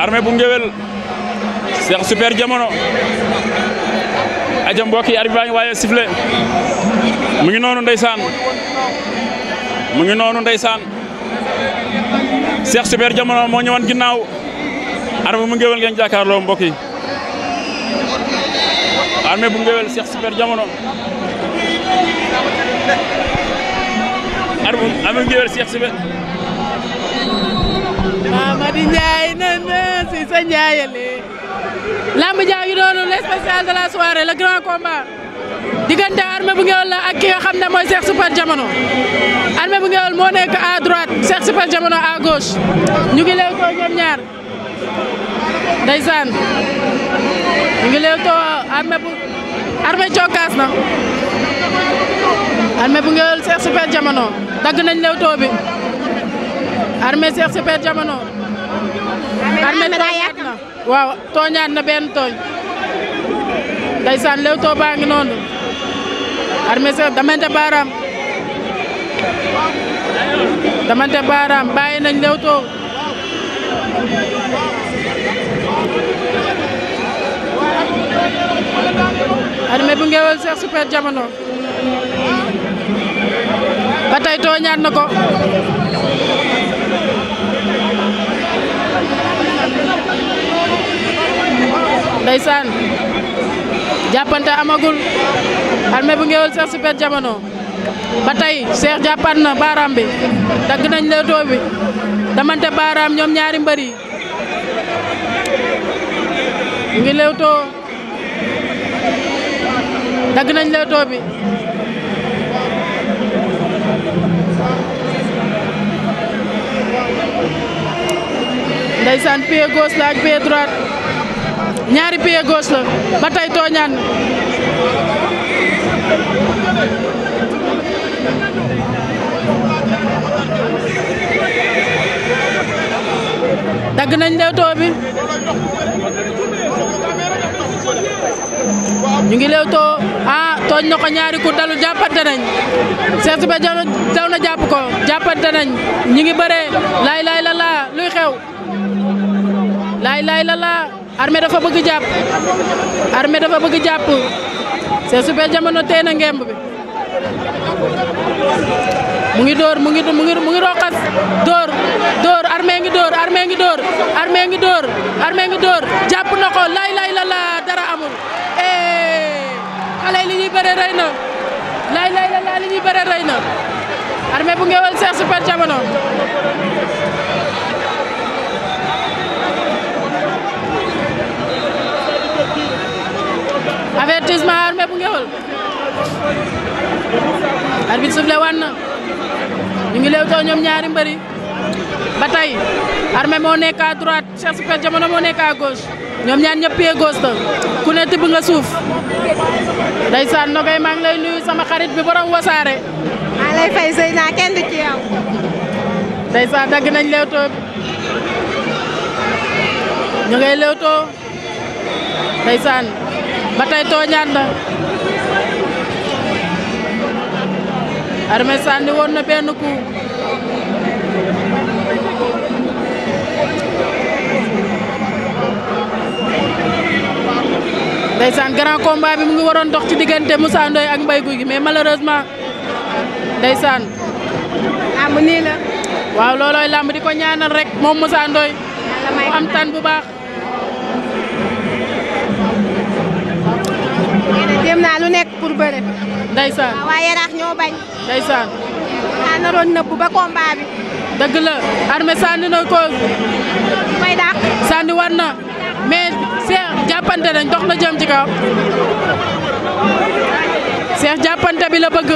armée bu ngewel Cheikh Super Diamono aja mbokk yi arbitre baa ngi waaye sifflé mu ngi noonu ndeysaan mu ngi noonu ndeysaan Cheikh Super Diamono moo ñëwoon ginnaaw armée bu ngewel ngeen jàkkaarloo mbokk yi armée bu bu ngewel Cheikh Super Mamadi Ndiaye a njaayalee lamb jaa ngi noonu le spécial de la soirée le grand diggante Armé bu Ngéweul la ak ki nga xam ne mooy Cheikh Super bu Ngéweul moo nekk à droite Cheikh Super Diamono à ñu ngi leew too ñoom ñaar ndeysaan ñu ngi leew too Armé bu na Armé bu Ngéweul Cheikh Super Diamono dagg nañ leew too bi Armé waaw tooñaat na benn tooñ ndeysaan Leewtoo baa ngi noonu Armé damante baaraam damante baaraam bàyyi nañ Leewtoo Armé bu ngeewal Cheikh Super Diamono ba tey na ko ndeysaan jàppante amagul armée bu ngeewal Cheikh Super Diamono ba tey Cheikh jàppaat na baaraam bi dagg nañ leetoo bi damante baaraam ñoom ñaari mbër ngi leewtoo dagg nañ bi ndeysaan pied gauche la ak pied droite ñaari pied gauche la ba tey tooñaan dagg nañ lewtoo bi ñu ngi lewtoo ah tooñ na ko ñaari ku dalu jàppante nañ Cheikh Super Diaw daw na jàpp ko jàppante nañ ñu ngi bëree laay laay la luy xew laay laay la armée dafa bëgg jàpp armée dafa bëgg jàpp c'est super jamono tee na mu ngi dóor mu ngi mu mu ngi roqas dóor dóor armée ngi dóor armée ngi dóor armée ngi dóor dara amul eh, xale yi li ñuy bëre rey na laay laay la la li ñuy bëre rey na ngeewal Cheikh super jamono arbitre soufflé wan na ñu ngi leewtoo ñoom ñaari mbëri ba tey Armé moo nekk à droite Cheikh Super Diamono moo nekk à ñoom ñaar ñëpp pied gauche ku ne tibb nga suuf day Nogay maa ngi lay nuyu sama xarit bi borom wasaare. saare lay fay sëy naa kenn du ci yow. ndeysaan dagg nañ leewtoo bi ñu ngay leewtoo ndeysaan ba tey tooñaan la. Armé sànni woon na benn coup ndeysaan grand combat bi mu ngi waroon dox ci diggante Moussa Ndoye ak Mbaye Gouy Gui mais malheureusement ndeysaan làmb nii la waaw loolooy làmb di ko ñaanal rek moom Moussa Ndoye mu am tan bu baax dem naa lu nekk pour bëre ndeysaan ah, waaye yaraax ñoo bañ. ndeysaan. daa naroon nëbbu ba combat bi. dëgg la armée sànni na ko. may dàq. sànni war na mais Cheikh jàppante nañ dox na jëm ci kaw. Cheikh jàppante bi la bëgg.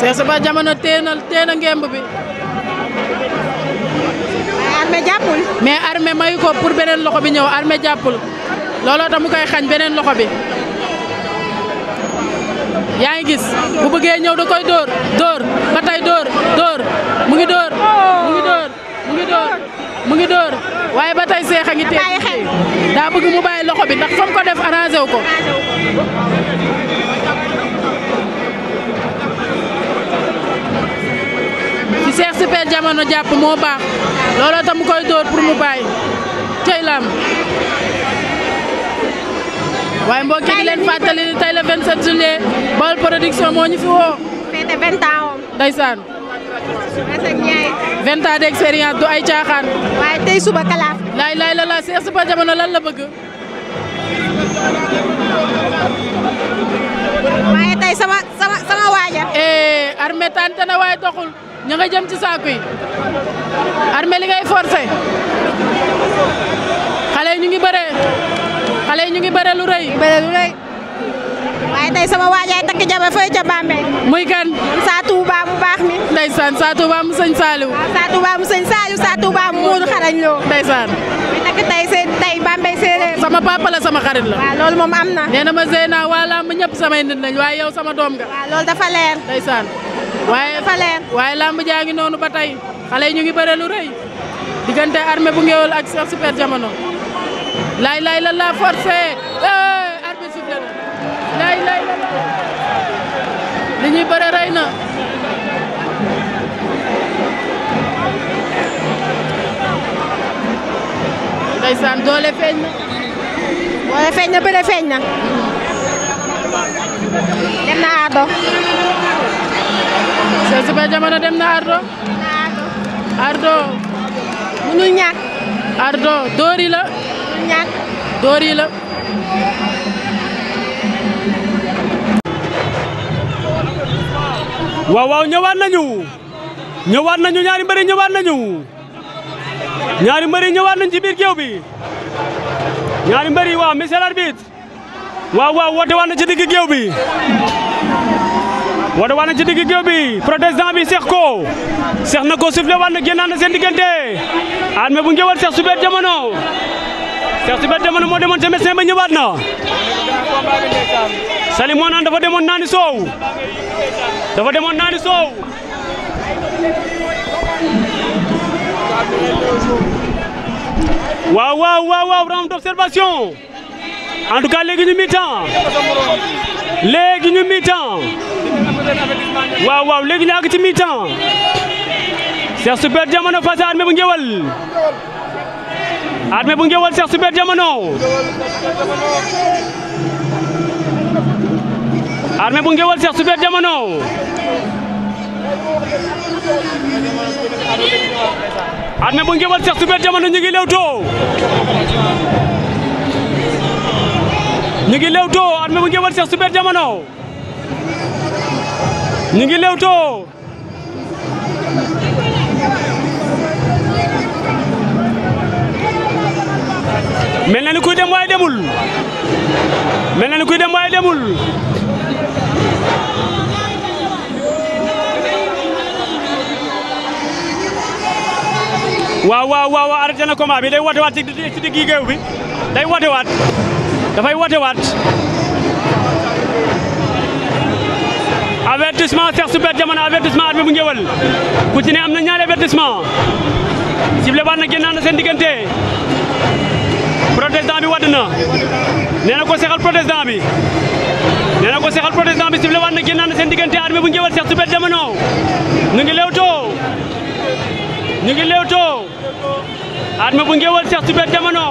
Cheikh Super Diamono téye na téye na bi. jàppul. mais armée mayu ko pour beneen loxo bi ñëw armée jàppul looloo tax mu koy xañ beneen loxo bi yaa ngi gis bu bëggee ñëw da koy dóor dóor ba tey dóor dóor mu ngi dóor mu ngi dóor mu ngi dóor waaye ba tey seex a ngi téye daa bëgg mu bàyyi loxo bi ndax fa mu ko def arrangé wu ko. super jamono jàpp moo baax looloo tax mu koy dóor pour mu bàyyi cëy lam waaye mbokk yi di tey la 27 juillet Baol production moo ñu fi woo. féete 20 ans woon. ndeysaan. du ay caaxaan. waaye tey suba kalaaf. laay laay la laa Cheikh Super Diamono lan la bëgg. waaye tey sama waaja. Eh. armée na waaye doxul ña nga jëm ci saako yi armée li xale yi ñu ngi bëree xale yi ñu ngi bëree lu rëy. bëree lu rëy waaye tey sama waajaay takk jabar ca Bambey. muy kan. Sa Touba mu baax mi. ndeysaan Sa Touba mu sëñ mu sëñ Saliou Sa Touba mu Modou xarañ loo. ndeysaan. mi takk tey seen tey Bambey séeréer. sama papa la sama xarit la. waaw loolu na. nee na ma Zeyna waa lamb ñëpp samay nit lañ waaye yow sama doom nga. waaw loolu dafa leer. ndeysaan. waaye dafa leer waaye lamb jaa ngi noonu ba tey xale ñu ngi bëre lu rëy diggante armée bu ngeewal ak ak super jamono laay laay la la forcé na laay li ñuy bëre rëy na ndeysaan doole feeñ na doole Cheikh Super Diamono dem na Ardo. Ardo. munul ñàkk. Ardo doori la. munul ñàkk. doori la. wa waaw ñëwaat nañu. ñëwaat nañu ñaari mbëri ñëwaat nañu. ñaari mbëri ñëwaat nañu ci biir géew bi. ñaari mbëri waaw monsieur wa waaw waaw woote waat na ci digg géew bi. Wade Wane ci digg géew bi protestant bi seex ko seex na ko sifflé waat na génnaat na seen diggante armé bu ngéwal seex Super Jamono seex Super Jamono demoon ca médecin ba ñëwaat na Salim moo dafa demoon naani soow dafa demoon naani soow waaw waaw waaw waaw round d'observation en tout cas léegi ñu mi waaw waaw léegi ñaa ngi ci mi-temps Cheikh Super Diamono face à Armée bu Ngéwal Armée bu Ngéwal Cheikh Super Diamono Armée bu Ngéwal Cheikh Super Diamono Armée bu Ngéwal Cheikh Super Diamono ñu ngi lewtoo ñu ngi lewtoo Armée bu Ngéwal Cheikh Super Diamono ñu ngi lewtoo mel na ni kuy dem waaye demul mel na ni kuy dem waaye demul waaw waaw waaw arrêté na combat bi day woote waat ci digg géew bi day woote waat dafay woote waat avertissement Cheikh Super Diamana avertissement armée bu Ngéwël ku ci ne am na ñaari avertissement sifflé waat na génnaan na seen diggante protestant bi wadd na nee na ko seexal protestant bi nee na ko seexal protestant bi na génnaan na seen diggante armée bu Ngéwël Cheikh Super Diamana ñu ngi leewtoo ñu ngi leewtoo armée bu Ngéwël Cheikh Super Diamana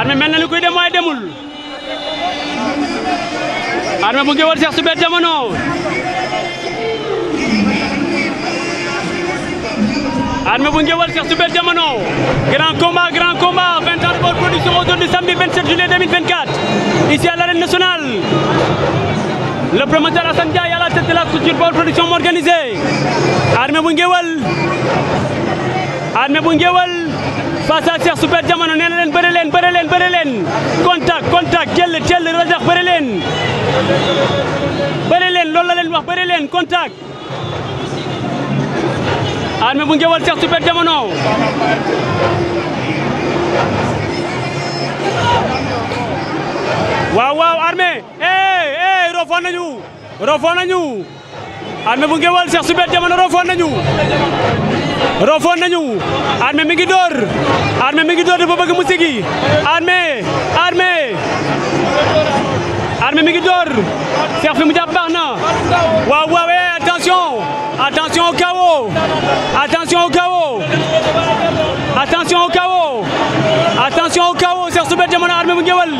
armée mel na ni kuy dem waaye demul Armé bu Ngéwél Cheikh Super Diamono Armé bu Ngéwél Cheikh Super Diamono grand combat grand combat 20 ans de Production autour du samedi 27 juillet à l'arène nationale le promoteur Assane Ndiaye à la tête de Production organisée Armé bu Ngéwél armée bu ngéwal face à Cheikh Super Jamono nee na leen bëri leen bëri leen bëri leen contact contact jël jël rajax bëri leen bëri leen loolu la leen wax bëri leen contact armée bu ngéwal Cheikh Super Jamono waaw waaw armée eh eh rofoon nañu rofoon nañu armée bu ngéwal rofoon nañu armée mi ngi door armée mi ngi door dafa bëgg mu sigi armée armée armée mi ngi door seex fi mu jàpp baax na waaw waaw attention attention au chaos attention au chaos attention au chaos attention au chaos seex su bet jamono armée bu ngewal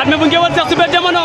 armée bu ngewal seex su bet jamono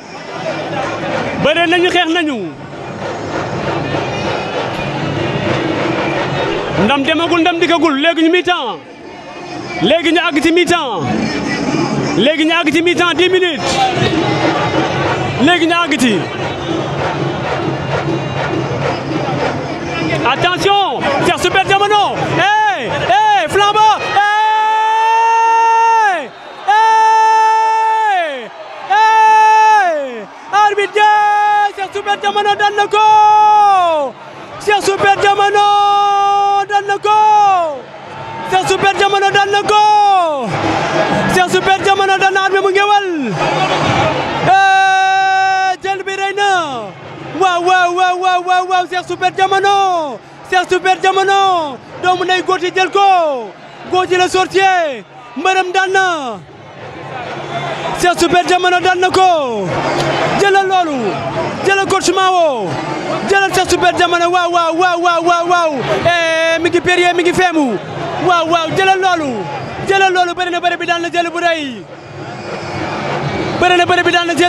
bëre nañu xeex nañu ndam demagul ndam dikkagul léegi ñu mi-temps léegi ñu àgg ci mi-temps léegi ñu àgg ci mi-temps di minutes léegi ñu àgg ci attention Cheikh Super Diamono eh! arbitre jee Cheikh Super Diamono na ko Cheikh Super Diamono daan na ko Cheikh Super Diamono daan na ko Cheikh Super Diamono daan na Armé bu Ngéweul eh, jël bi rey na waaw waaw waaw waaw waaw Cheikh Super Diamono Cheikh Super Diamono doomu nday góor ci ko góor la sortie mbërëm daan na Cheikh Super Jamono daan na ko jëlal loolu jëlal coach Mawo jëlal Cheikh Super Jamono waaw waaw waaw waaw waaw eh, mi ngi péré mi ngi feemu waaw waaw jëlal loolu jëlal loolu bëri na bëri bi daan na jël bu rëy